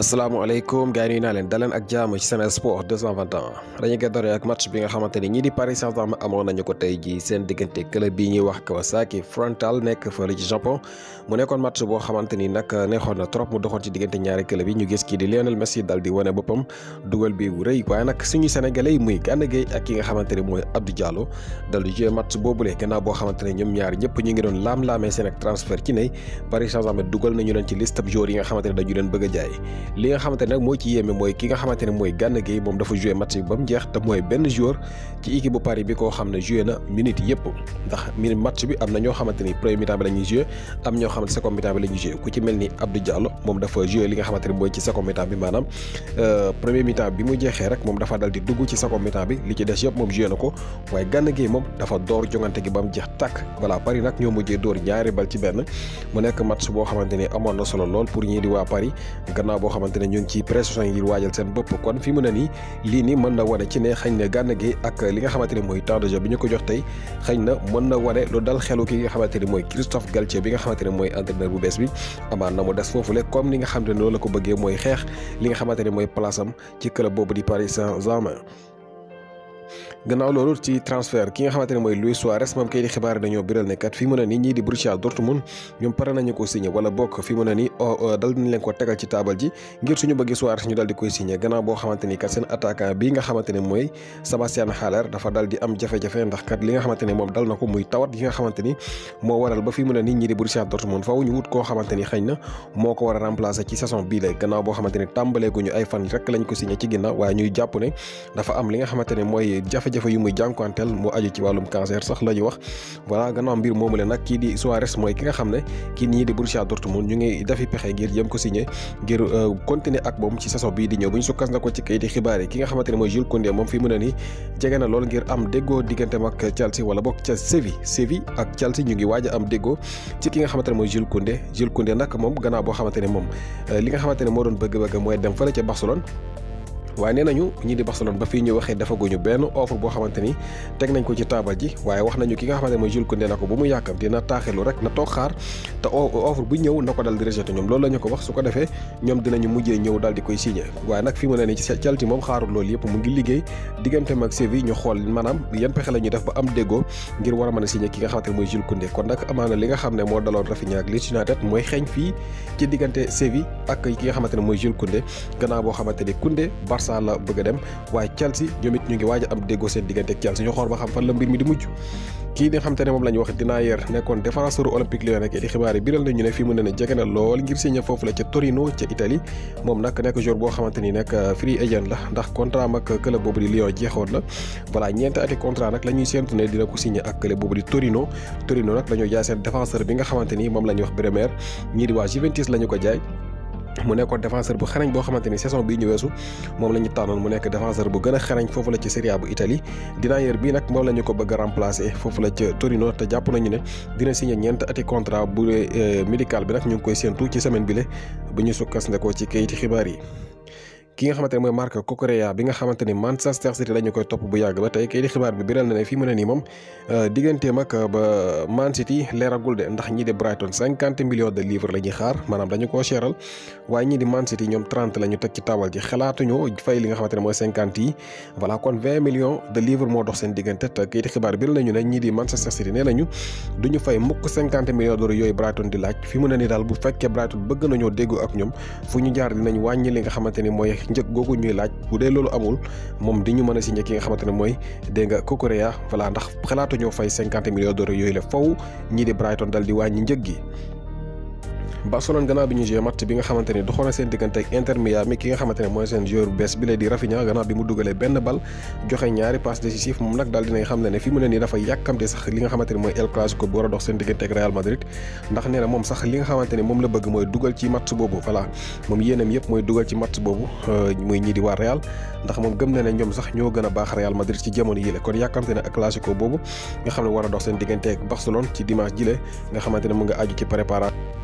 asalaamaaleykum gars yi nuyu naa leen daleen ak jaamu ci Sen Sport 221 dañuy koy ak match bi nga xamante ni di Paris Saint-Germain amoon nañu ko tey ji seen diggante club bi ñuy wax Kawasaki Frontale nekk fële ci Japon mu nekkoon match boo xamante ni nag neexoon na trop mu doxoon ci diggante ñaari club yi ñu gis kii di Lionel Messi dal di wane boppam dugal bi wu rëy waaye nag suñu sénégalais yi muy Gana Gueye ak ki nga xamante ni mooy Abdou Diallo dal di joué match boobule boo xamante ne ñoom ñaar ñëpp ñu ngi doon laam-laamee seen ak transfert ci ne Paris saint nga xamante ne dañu leen bëgg a li nga xamante ne moo ci yéeme mooy ki nga xamante ne mooy Gana Gueye moom dafa joué match bi mu jeex te mooy benn joueur ci Paris bi koo xam ne joué na minute yëpp ndax minute match bi am na ñoo xamante ni premier mi-temps bi la ñuy joué ñoo xamante second mi bi la ku ci mel ni Abdou moom dafa li nga xamante ne mooy ci second mi-temps bi maanaam euh, mi bi mu jeexee rek moom dafa dal di dugg ci second mi-temps bi li ci des yëpp moom joué na ko waaye Gana Gueye moom dafa door jongante gi ba mu jeex tàkk voilà Paris nag ñoo mujjee dóor ñaari bal ci benn mu nekk match boo xamante ni amoon na solo lool pour ñii di waa Paris gannaaw boo xamante ne ñu ngi ci pression ngir waajal seen bopp kon fi mu ne nii lii nii mën na wane ci ne xëy na gànn gi ak li nga xamante ne mooy temps bi ñu ko jox tey xëy na mën na wane lu dal xelu ki nga xamante ne mooy Christophe Galtier bi nga xamante mooy entraîneur bu bees bi amaan na mu des foofule comme ni nga xamante ne loolu la ko bëggee mooy xeex li nga xamante ne mooy place am ci club boobu di Paris Saint-Germain gannaaw loolu ci transfert ki nga xamante ne mooy Luis Suarez moom kay di xibaar dañoo biral ne fi mu ne ñii di Borussia Dortmund ñoom pare nañu ko signé wala bokk fi mu ni ñii di Borussia Dortmund faw ñu wut koo xamante ni na moo ko war a remplacer ci saison bii lay gannaaw boo xamante tàmbaleeguñu ay fan rek lañ ko signé ci ginnaaw waaye ñuy jàpp ne dafa am li nga xamante mooy jafe jafe-jafe yu muy jànkuwanteel moo aju ci wàllum cancer sax la ñu wax voilà gannaaw mbir moomu le nag kii di Suarez mooy ki nga xam ne kii nii di Borussia Dortmund ñu ngi dafi pexe ngir jëm ko signé ngir euh, continuer ak moom ci saso bii di ñëw bu ñu sukkas na ko ci kayiti xibaar yi ki nga xamante ne mooy Jules Koundé moom fi mu ne nii jege na lool ngir am déggoo digganteem ak Chelsea wala boog ca Séville ak Chelsea ñu ngi waaj am déggoo ci ki nga xamante ne mooy Jules Koundé Jules Koundé nag moom gannaaw boo xamante ne moom euh, li nga xamante ne moo doon bëgg-bëgg mooy dem fële ca Barcelone waaye nee nañu ñii Barcelone ba fii ñu waxee defaguñu benn offre boo xamante ni teg nañ ko ci taabal ji waaye wax nañu ki nga xamante mooy Jules Koundé na ko bu mu yàkkam ko dal di rejeté ñoom loolu la ñu ko wax su ko defee ñoom dinañu mujjee ñëw daal di ne nii ci Chelsea moom xaarul loolu am déggoo ngir war a a mooy Jules Koundé kon nag amaana li nga xam ne moo daloon Rafinha ak United mooy xeeñ fii ci diggante Séville ak ki nga xamante ne mooy Jules Koundé gannaaw boo xamante ni Koundé Arsenal bëgg Wah dem Chelsea ñoom it ñu ngi waaj am déggoo seen digënté ak Chelsea ñu xor ba xam fa la mbir mi di mujj ki nga xam tane mom lañ wax dina yer nekkon défenseur olympique Lyon di xibaari biral nañu ne fi mu ne jégena lool ngir signé fofu la ci Torino ci Italie mom nak nek joueur bo xamanteni nek euh, free agent la ndax contrat mak club bobu di Lyon jéxoon la wala ñent ati contrat nak lañuy sentu dina ko signé ak club bobu di Torino Torino nak la jaay seen défenseur bi nga xamanteni mom lañ wax Bremer ñi di wa Juventus lañu ko jaay mu nekkoon défenseur bu xarañ boo xamante ni saison bii ñu weesu moom la ñu tànnoon mu nekk défenseur bu gën a xarañ foofu la ci Serie A bu Italie Denier bii nag moom lañu ko bëgg a remplacer foofu la ca Torino te jàpp nañu ne dina signé ñeent ati contrat bu euh, médical bi nag ñu ngi koy séentu ci semaine bi la bu ñu sukkandikoo ci kayiti xibaar yi. ki nga xamante ne mooy Marc Cucurella bi nga xamante ni Manchester City dañu koy topp bu yàgg ba tey kay xibaar bi biral euh, euh, ndax ñii di Brighton cinquante millions de livres xaar maanaam dañu koo seeral waaye ñii di Man ñu teg ci taabal ji xalaatuñu fay li nga xamante ne mooy cinquante yi voilà kon vingt millions de livres moo dox seen diggante te kay di nañu ne ñii di Manchester City nee duñu fay mukk cinquante millions d'euros yooyu Brighton di laaj fi mu ne daal bu fekkee Brighton bëgg nañoo déggoo ak ñoom fu ñu jaar dinañ wàññi li nga xamante ni mooy njëg googu ñuy laaj bu dee loolu amul moom di ñu mën a signé ki nga xamante ne mooy dégg nga Cucurella voilà ndax xalaatu ñoo fay cinquante millions d'euros yooyu la faw ñii di Brighton dal di wàññi njëg gi Barcelone gannaaw bi ñu joué match bi nga xamante ni seen diggante ak Inter Miami ki nga xamante ne mooy seen joueur bu bees bi lay di Rafinha gannaaw bi mu dugalee benn bal joxe ñaari passe décisif moom nag daal dinay xam ne ne fi mu ne nii dafa yàkkamte sax li nga xamante mooy El Clasico bu war a dox seen diggante ak Real Madrid ndax nee na moom sax li nga xamante ne moom la bëgg mooy dugal ci match boobu voilà moom yéenam yëpp mooy dugal ci match boobu euh, muy ñii di na ne ñoom sax a baax Real Madrid ci jamono yi la kon yàkkamte ne El a dox seen diggante ak nga xamante ne mu nga aju